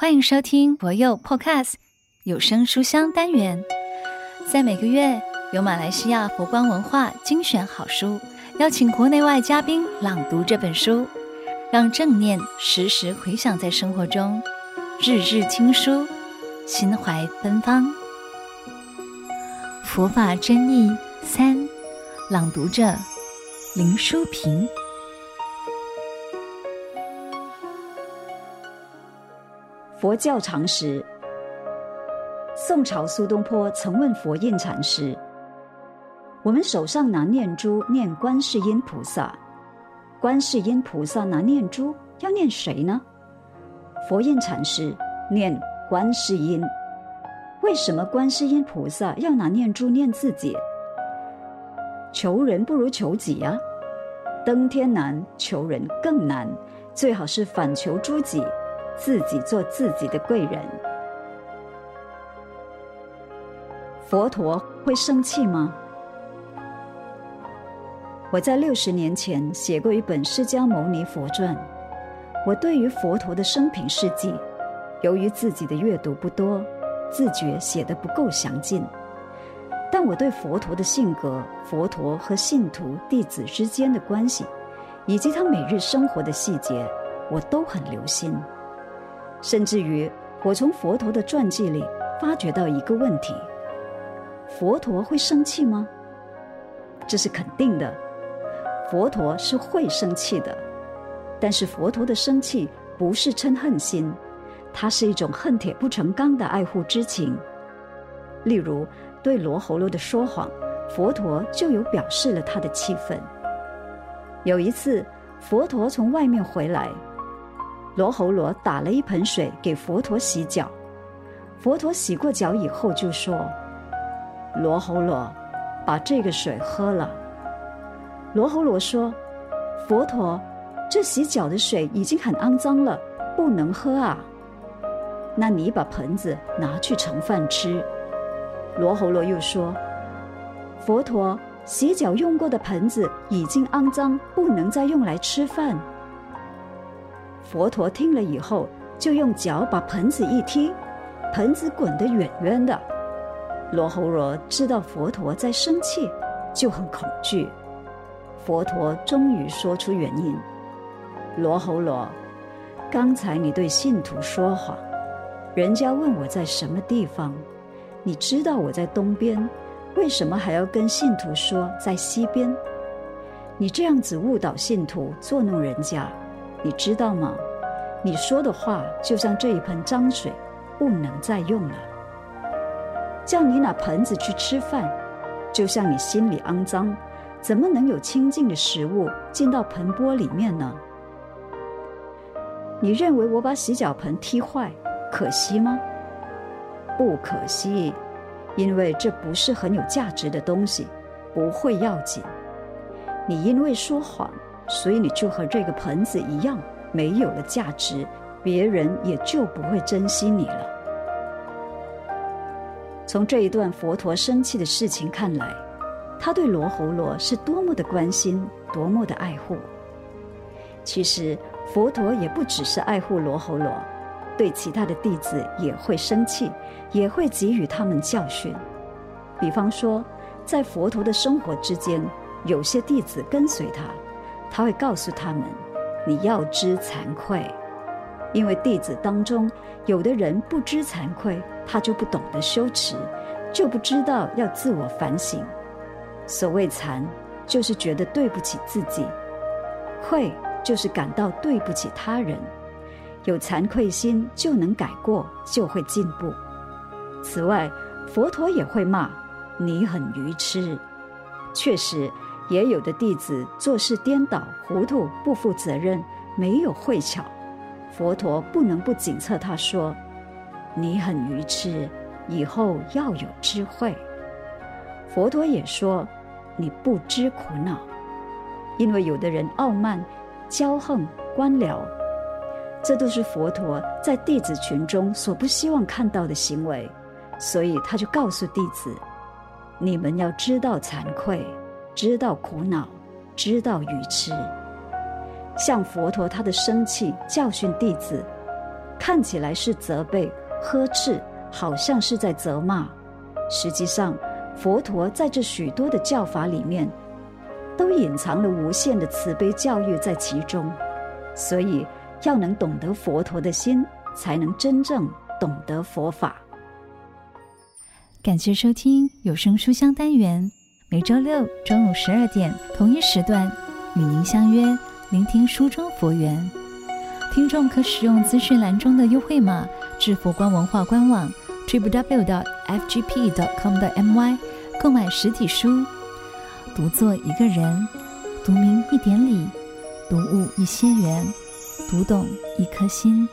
歡迎收聽博友 Podcast 有聲書香單元，在每個月有馬來西亞佛光文化精選好書，邀請國內外嘉賓朗讀這本書，讓正念時時回響在生活中，日日聽書，心懷芬芳。佛法真義三，朗讀者林淑萍。佛教常識：宋朝蘇東坡曾問佛印禪師：“我們手上拿念珠念觀世音菩薩，觀世音菩薩拿念珠要念誰呢？”佛印禪師念觀世音。為什麼觀世音菩薩要拿念珠念自己？求人不如求己啊！登天難，求人更難，最好是反求諸己。自己做自己的貴人，佛陀會生氣嗎？我在六十年前寫過一本《釋迦牟尼佛傳》，我對於佛陀的生平事跡，由於自己的閱讀不多，自覺寫得不夠詳盡。但我對佛陀的性格、佛陀和信徒弟子之間的關係，以及他每日生活的細節，我都很留心。甚至於，我從佛陀的傳記裡發覺到一個問題：佛陀會生氣嗎？這是肯定的，佛陀是會生氣的。但是佛陀的生氣不是嗔恨心，它是一種恨鐵不成鋼的愛護之情。例如，對羅睺羅的說謊，佛陀就有表示了他的氣憤。有一次，佛陀從外面回來。羅睺羅打了一盆水給佛陀洗腳，佛陀洗過腳以後就說：“羅睺羅，把這個水喝了。”羅睺羅說：“佛陀，這洗腳的水已經很骯髒了，不能喝啊。”那你把盆子拿去盛飯吃。羅睺羅又說：“佛陀，洗腳用過的盆子已經骯髒，不能再用來吃飯。”佛陀聽了以後，就用腳把盆子一踢，盆子滾得遠遠的。羅睺羅知道佛陀在生氣，就很恐懼。佛陀終於說出原因。羅睺羅，剛才你對信徒說謊，人家問我在什麼地方，你知道我在東邊，為什麼還要跟信徒說在西邊？你這樣子誤導信徒，作弄人家。你知道嗎？你說的話就像這一盆髒水，不能再用了。叫你拿盆子去吃飯，就像你心裡骯髒，怎麼能有清淨的食物進到盆缽裡面呢？你認為我把洗腳盆踢壞可惜嗎？不可惜，因為這不是很有價值的東西，不會要緊。你因為說謊。所以你就和這個盆子一樣，沒有了價值，別人也就不會珍惜你了。從這一段佛陀生氣的事情看來，他對羅睺羅是多麼的關心，多麼的愛護。其實佛陀也不只是愛護羅睺羅，對其他的弟子也會生氣，也會給予他們教訓。比方說，在佛陀的生活之間，有些弟子跟隨他。他會告訴他們，你要知慚愧，因為弟子當中有的人不知慚愧，他就不懂得羞恥，就不知道要自我反省。所謂慚，就是覺得對不起自己；愧，就是感到對不起他人。有慚愧心，就能改過，就會進步。此外，佛陀也會罵你很愚癡。確實。也有的弟子做事顛倒、糊塗、不負責任，沒有慧巧，佛陀不能不警策他說：“你很愚痴，以後要有智慧。”佛陀也說：“你不知苦惱，因為有的人傲慢、驕橫、官僚，這都是佛陀在弟子群中所不希望看到的行為，所以他就告訴弟子：你們要知道慚愧。”知道苦惱，知道愚癡。像佛陀他的生氣教訓弟子，看起來是責備、呵斥，好像是在責罵。實際上，佛陀在這許多的教法裡面，都隱藏了無限的慈悲教育在其中。所以，要能懂得佛陀的心，才能真正懂得佛法。感謝收聽有聲書香單元。每週六中午十二點同一時段，與您相約，聆聽書中佛緣。聽眾可使用資訊欄中的優惠碼，至佛光文化官網 www.fgp.com.my 購買實體書。讀作一個人，讀明一點理，讀悟一些緣，讀懂一顆心。